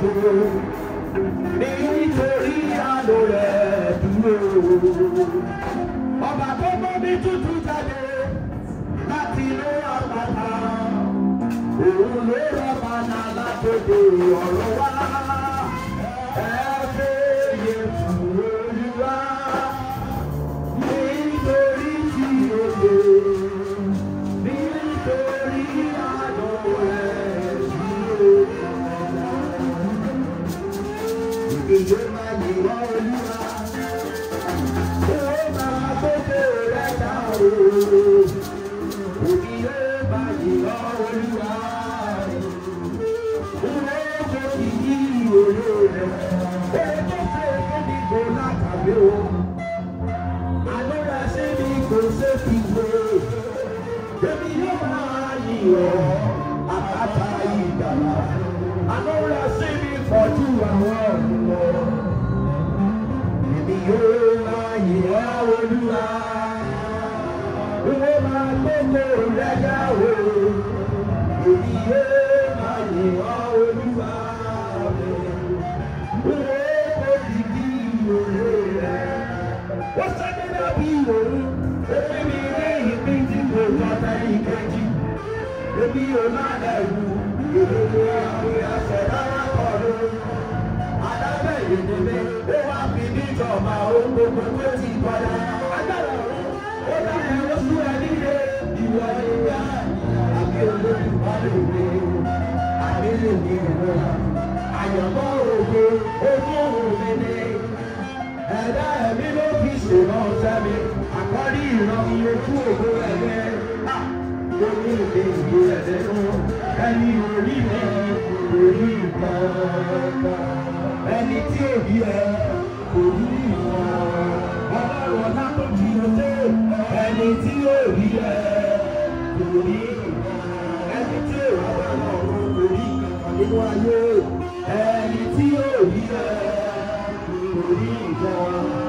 dúró nítorí àánú rẹ̀ dúró. Ọba tó mọ́ mi tútù jáde láti inú àpáta. Òun ló rọ̀ bàtà látòdò ọ̀rọ̀ wá. Ebi yóò máa dẹ̀rù ìdílé àwọn ìyàsẹ̀ lára kọ̀ lórí. Adábẹ̀ ìdílé ó wá fi níjọba ohun gbogbo tó ti kọjá. Agbára ọ̀run ó dàbí oṣù ẹ̀dílé ìwọ ìgbà àbí olórí ìwádìí ìwé. Àbí lè ní ìlú ayọ̀mọ́ gbogbo ojú òun mi ni ẹ̀dá ẹ̀mí ló fi ṣèlọ́ sẹ́mi àkọ́rí ìran ojú òun ẹ̀mí ojú mi ìwé ẹ̀dẹ́nu ẹni orí mi kò rí ìgbàgbà ẹni tí òbí ẹ kò rí ìwà ọlọ́run ọ̀nà tó jìnnà dé ẹni tí òbí rí ẹ kò rí ìwà ẹni tí. Thank you.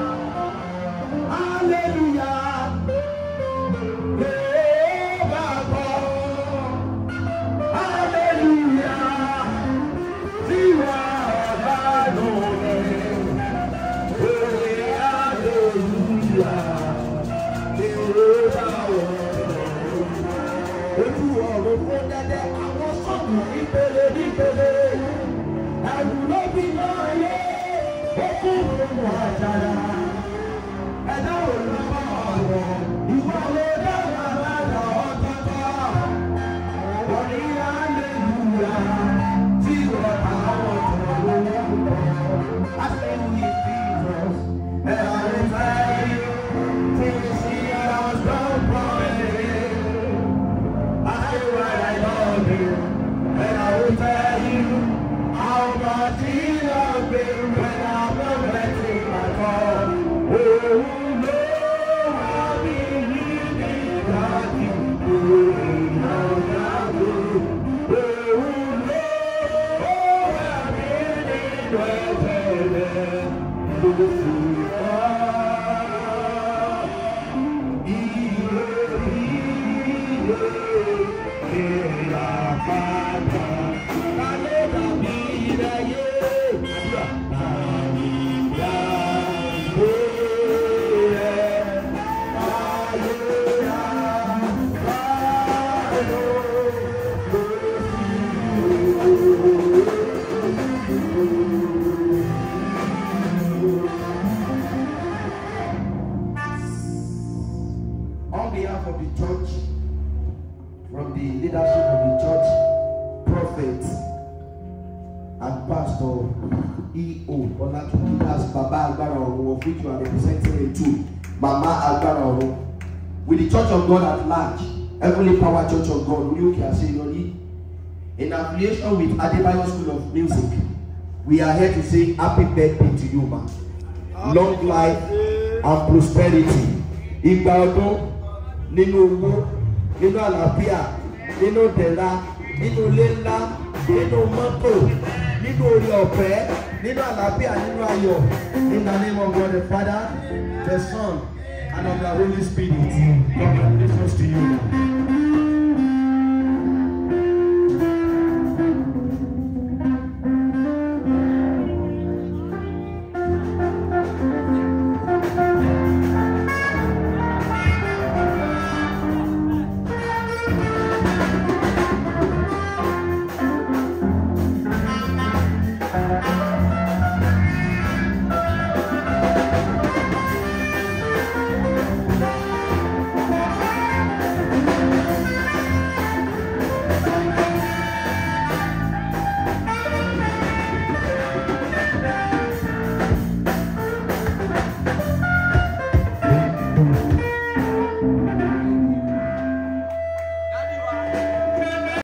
How much of our beloved. Heavenly Power Church of God, Orí Òkè Àṣeyọrí, in affiliation with Adebayo School of Music, we are here to say happy birthday to you, ma. Long life and prosperity. Ìgbà ọdún nínú owó, nínú àlàáfíà, nínú dẹ̀ra, nínú ilé ńlá, nínú mọ́tò, nínú orí ọ̀fẹ́, nínú àlàáfíà, nínú ayọ̀. In the name of God the Father, the Son, and of the Holy Spirit. Congratulations to you.